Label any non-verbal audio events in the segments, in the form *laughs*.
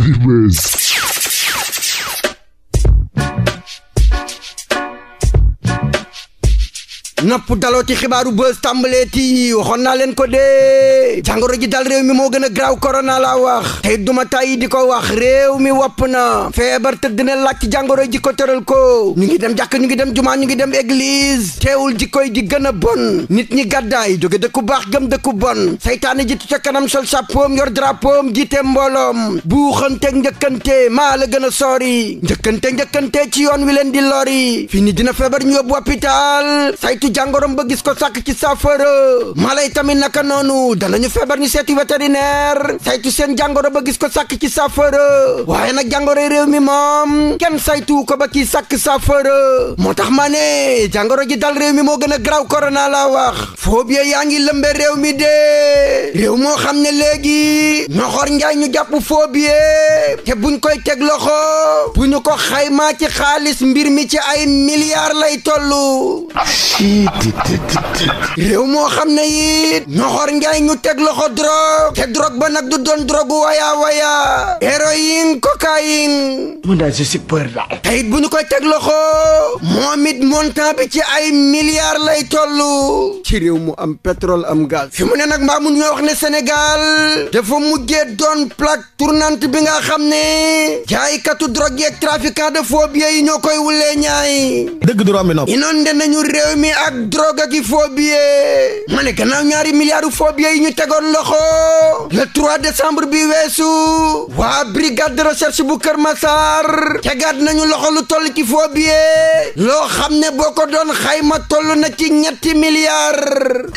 Heavy Mess. napp daloo ci xibaaru bës tàmbalee ti waxoon naa leen ko dee jàngoro ji dal réew mi moo gën a graaw korona laa wax tey duma tàyyi di ko wax réew mi wopp na feebar tëdd na laaj ci jàngoro ji ko tëral ko ñu ngi dem jàkk ñu ngi dem jumaa ñu ngi dem église teewul ji koy di gën a bon nit ñi gàddaay jóge dëkku baax gëm dëkku bon saytaane jiitu ca kanam sol sàppoom yor drapoom jiite mbooloom buuxanteeg njëkkante maa la gën a sori njëkkante njëkkante ci yoon wi leen di lori fii ni dina feebar ñu yóbbu hôpital saytu jàngorom ba gis ko sàkk ci saafara mala yi tamit naka noonu danañu feebar ñu seeti vétérinaire saytu seen jàngoro ba gis ko sàkk ci saafara waaye nag jàngoro réew mi moom kenn saytu ko ba ki sàkk saafara moo tax maa ne jàngoro ji dal réew mi moo gën a graw korona laa wax yaa ngi lëmbe réew mi de réew moo xam ne léegi ñoxor njaay ñu jàpp phobie te buñ koy teg loxo bu ko xaymaa ci xaalis mbir mi ci ay milliards lay tollu réew moo xam ne it noxor njaay ñu teg loxo drogue te drogue ba nag du doon wa waya waya héroïne ko cocaïne. mu daal je suis peur daal. te it bu ñu koy teg loxo moom it bi ci ay milliards lay toll. ci réew mu am pétrole am gaz. fi mu ne nag mbaa mu ñoo wax ne Sénégal dafa mujjee doon plaque tournante bi nga xam ne jaaykatu drogue yeeg trafiquant de faux billets yi ñoo koy wulee ñaay. dëgg du romb nopp. inondé nañu réew mi ak drogue ak i faux ma ne gannaaw ñaari milliards faux billets yi ñu tegoon loxo le 3 bi weesu waa brigade de recherche. marché bu Kër Massar tegaat nañu loxo lu toll ci foo biyee loo xam ne boo ko doon xayma toll na ci ñetti milliards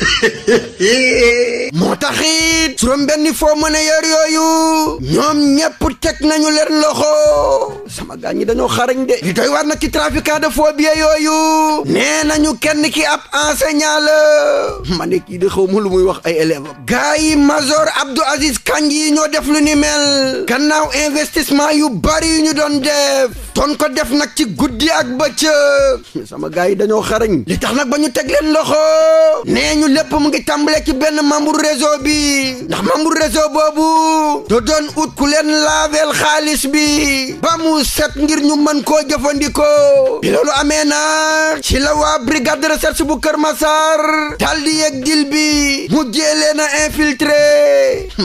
*laughs* moo taxit juróom-benni foo mën a yor yooyu ñoom ñépp teg nañu leen loxo sama gaa ñi dañoo xarañ de li doy war na ci trafiquant de faux billets yooyu nee nañu kenn ki ab enseignant la ma kii de xaw ma lu muy wax ay élèves am. gaa yi Aziz Kanji ñoo def ni mel gannaaw investissement. événement yu bari yu ñu doon def doon ko def nag ci guddi ak bëccëg sama gars yi dañoo xarañ li tax nag ba ñu teg leen loxo nee ñu lépp mu ngi tàmbalee ci benn membre réseau bi ndax membre réso boobu da doon ut ku leen laabeel xaalis bi ba set ngir ñu mën koo jëfandikoo bi loolu amee nag ci la waa brigade de recherche bu Kër Massar daal dil bi mujjee leen a infiltré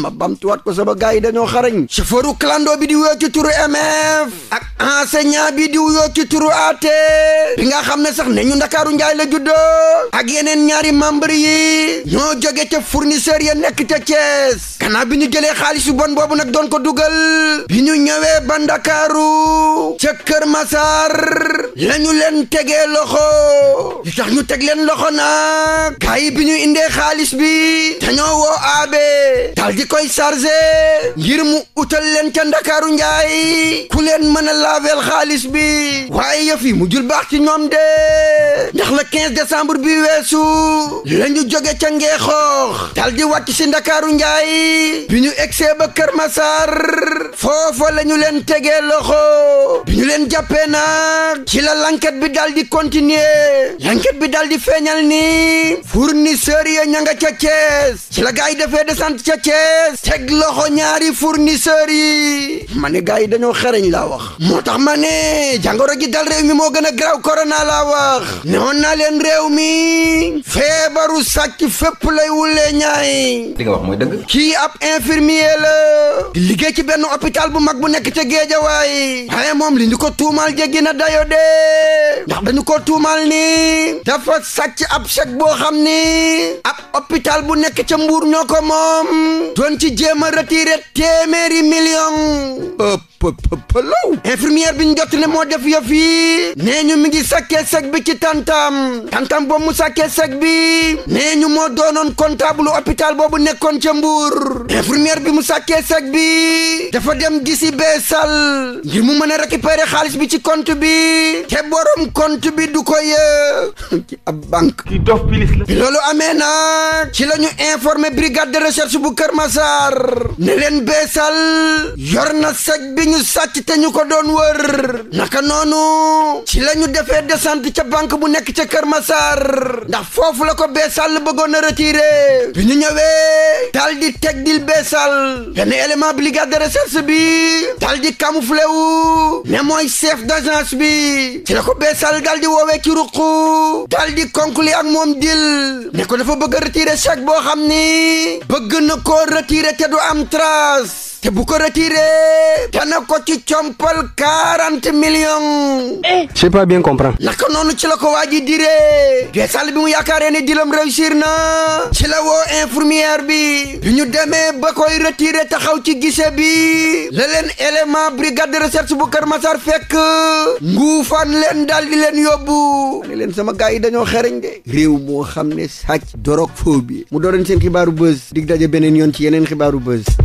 ma bamtuwaat ko sama gars yi dañoo xarañ chauffeuru clando bi di wuyoo ci turu MF ak enseignant bi di wuyoo ci turu AT bi nga xam ne sax ne ñu ndakaaru njaay la juddoo ak yeneen ñaari membre yi ñoo jóge ca fournisseur ya nekk ca Thiès gannaaw bi ñu jëlee xaalis yu bon boobu nag doon ko dugal bi ñu ñëwee ba ndakaaru ca Kër dinañu leen tege loxo li tax ñu teg leen loxo nag kay bi ñu indee xaalis bi dañoo woo aabe dal koy chargé ngir mu utal leen ca ndakaaru njaay ku leen mën a laabeel xaalis bi waaye yëf yi mu jul baax ci ñoom de ndax le 15 bi weesu la ñu jóge ca ngeexoox dal di si ndakaaru njaay bi ñu egsee ba Kër Masar foofa la ñu leen tege loxo bi ñu leen jàppee nag la l'enquête bi dal di continuer l'enquête bi dal di feeñal ni fournisseur ya ñanga nga ca ci la gars yi defee descente ca Thiès teg loxo ñaari fournisseurs yi ma ne gars yi dañoo xereñ laa wax moo tax mane ne jàngoro ji dal réew mi moo gën a graw corona la wax newoon naa leen réew mi feebaru sàcc fépp lay wulee ñaay kii ab infirmier la liggéey ci benn hôpital bu mag bu nekk ca Géejawaay waaye moom li ñu tuumal jéggi na dayo de ndax dañu ko tuumal ni dafa sàcc ab chèque boo xam ni ab hôpital bu nekk ca Mbuur ñoo ko moom doon ci jéem a retiré téeméeri million pëpëpëlaw infirmière bi ñu jot ne moo def yëf yi nee ñu mi ngi sàkkee sec bi ci tantam tantam boobu mu sàkkee sec bi nee ñu moo doonoon comptable hôpital boobu nekkoon ca Mbuur infirmière bi mu sàkkee sec bi dafa dem gisi beesal ngir mu mën a récupérer xaalis bi ci compte bi te borom compte bi du ko yee ci ab banque. ci dof pilis loolu amee na ci la ñu informé brigade de bu Kër Massar ne leen beesal yor na sec bi ñu sàcc te ñu ko doon wër naka noonu ci la ñu defee descente ca banque bu nekk ca Kër Massar ndax foofu la ko beesal bëggoon a bi ñu ñëwee daal di teg dil beesal benn élément brigade de bi daal di camouflé wu ne mooy d'agence bi. ci la ko beesal dal di woowee ci ruq dal di conclure ak moom dil ne ko dafa bëgg a retirer chèque boo xam ni bëgg na koo retirer te du am trace te bu ko retiré dana ko ci compal quarante millions. eh. je sais pas bien comprendre. naka noonu ci la ko waa ji diree. desal bi mu yaakaaree ne dilam réussir na. ci la woo infirmière bi. bi ñu demee ba koy retiré taxaw ci gise bi. la leen élément brigade de recherche bu Kër Masar fekk. nguufaan leen daal di leen yóbbu. ne leen sama gars yi dañoo xereñ de. réew moo xam ne sàcc dorog foo bi. mu doon seen xibaaru bës dig daje beneen yoon ci yeneen xibaaru buzz.